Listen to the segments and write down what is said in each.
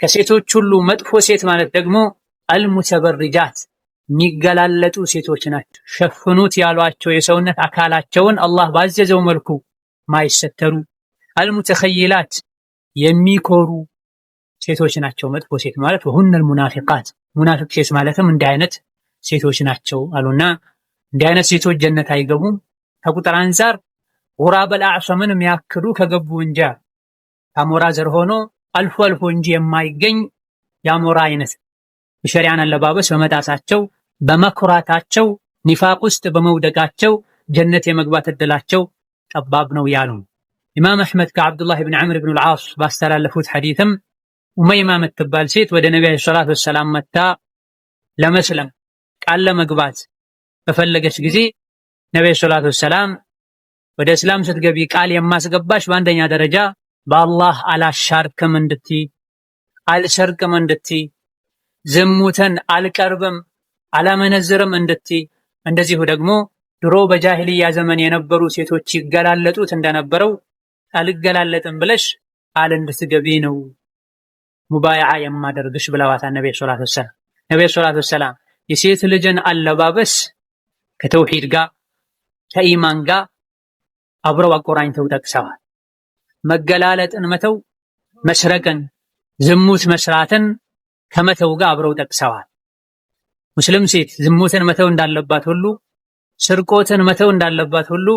ከሴቶች ሁሉ መጥፎ ሴት ማለት ደግሞ አልሙተበርጃት የሚገላለጡ ሴቶች ናቸው። ሸፍኑት ያሏቸው የሰውነት አካላቸውን አላህ ባዘዘው መልኩ ማይሰተሩ አልሙተኸይላት የሚኮሩ ሴቶች ናቸው። መጥፎ ሴት ማለት ወሁነል ሙናፊቃት ሙናፊቅ ሴት ማለትም እንዲህ አይነት ሴቶች ናቸው አሉና እንዲህ አይነት ሴቶች ጀነት አይገቡም። ከቁጥር አንፃር ጉራበል አዕሷምን የሚያክሉ ከገቡ እንጃ ከአሞራ ዘር ሆኖ አልፎ አልፎ እንጂ የማይገኝ የአሞራ አይነት የሸሪዓን አለባበስ በመጣሳቸው በመኩራታቸው ኒፋቅ ውስጥ በመውደቃቸው ጀነት የመግባት እድላቸው ጠባብ ነው ያሉ ኢማም አሕመድ ከዓብዱላህ ብን ዐምር ብን ልዓስ ባስተላለፉት ሐዲትም ኡመይማ የምትባል ሴት ወደ ነቢ ዓለይሂ ሰላቱ ወሰላም መታ ለመስለም ቃል ለመግባት በፈለገች ጊዜ ነቢ ዓለይሂ ሰላቱ ወሰላም ወደ እስላም ስትገቢ ቃል የማስገባሽ በአንደኛ ደረጃ በአላህ አላሻርክም እንድቲ አልሰርቅም እንድቲ ዝሙተን አልቀርብም አላመነዝርም እንድቲ እንደዚሁ ደግሞ ድሮ በጃህልያ ዘመን የነበሩ ሴቶች ይገላለጡት እንደነበረው አልገላለጥም ብለሽ ቃል እንድትገቢ ነው ሙባይዓ የማደርግሽ ብለዋታል ነቢ ሰላት ወሰላም። ነቢ ሰላት ወሰላም የሴት ልጅን አለባበስ ከተውሂድ ጋር ከኢማን ጋር አብረው አቆራኝተው ጠቅሰዋል። መገላለጥን መተው መስረቅን፣ ዝሙት መስራትን ከመተው ጋር አብረው ጠቅሰዋል። ሙስሊም ሴት ዝሙትን መተው እንዳለባት ሁሉ ስርቆትን መተው እንዳለባት ሁሉ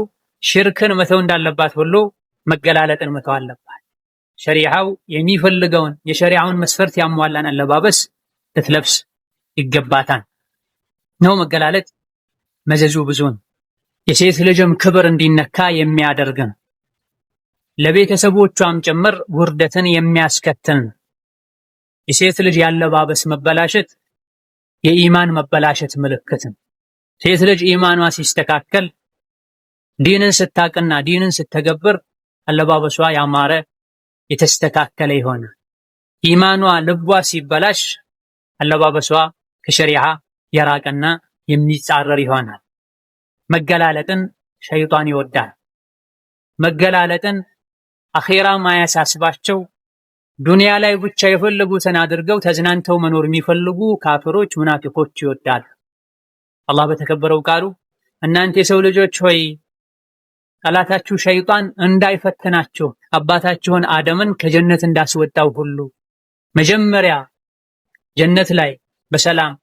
ሽርክን መተው እንዳለባት ሁሉ መገላለጥን መተው አለባት። ሸሪዓው የሚፈልገውን የሸሪዓውን መስፈርት ያሟላን አለባበስ ልትለብስ ይገባታል። ነው መገላለጥ መዘዙ ብዙን የሴት ልጅም ክብር እንዲነካ የሚያደርግን ለቤተሰቦቿም ጭምር ውርደትን የሚያስከትል ነው። የሴት ልጅ ያለባበስ መበላሸት የኢማን መበላሸት ምልክት ነው። ሴት ልጅ ኢማኗ ሲስተካከል፣ ዲንን ስታቅና ዲንን ስተገብር አለባበሷ ያማረ የተስተካከለ ይሆናል። ኢማኗ ልቧ ሲበላሽ አለባበሷ ከሸሪዓ የራቀና የሚጻረር ይሆናል። መገላለጥን ሸይጣን ይወዳል። መገላለጥን አኼራ ማያሳስባቸው ዱንያ ላይ ብቻ የፈለጉትን አድርገው ተዝናንተው መኖር የሚፈልጉ ካፍሮች፣ ሙናፊቆች ይወዳሉ። አላህ በተከበረው ቃሉ እናንተ የሰው ልጆች ሆይ ጠላታችሁ ሸይጣን እንዳይፈትናችሁ አባታችሁን አደምን ከጀነት እንዳስወጣው ሁሉ መጀመሪያ ጀነት ላይ በሰላም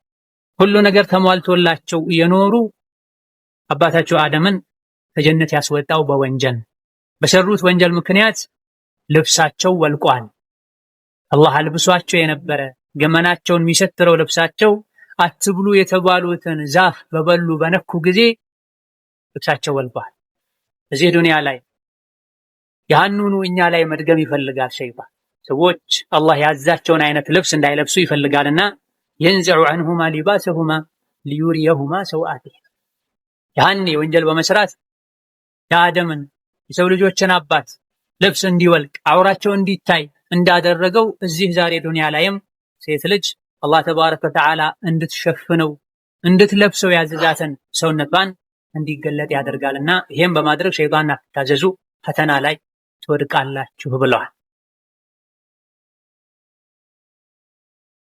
ሁሉ ነገር ተሟልቶላቸው እየኖሩ አባታችሁ አደምን ከጀነት ያስወጣው በወንጀል በሰሩት ወንጀል ምክንያት ልብሳቸው ወልቋል። አላህ አልብሷቸው የነበረ ገመናቸውን የሚሰትረው ልብሳቸው አትብሉ የተባሉትን ዛፍ በበሉ በነኩ ጊዜ ልብሳቸው ወልቋል። እዚህ ዱንያ ላይ ያኑኑ እኛ ላይ መድገም ይፈልጋል ሸይጣን። ሰዎች አላህ ያዛቸውን አይነት ልብስ እንዳይለብሱ ይፈልጋልና የንዘዑ አንሁማ ሊባሰሁማ ሊዩሪየሁማ ሰውአቴ ያኔ ወንጀል በመስራት የአደምን የሰው ልጆችን አባት ልብስ እንዲወልቅ አውራቸው እንዲታይ እንዳደረገው እዚህ ዛሬ ዱንያ ላይም ሴት ልጅ አላህ ተባረከ ወተዓላ እንድትሸፍነው እንድትለብሰው ያዘዛትን ሰውነቷን እንዲገለጥ ያደርጋልና ይህም በማድረግ ሸይጣን አትታዘዙ ፈተና ላይ ትወድቃላችሁ ብለዋል።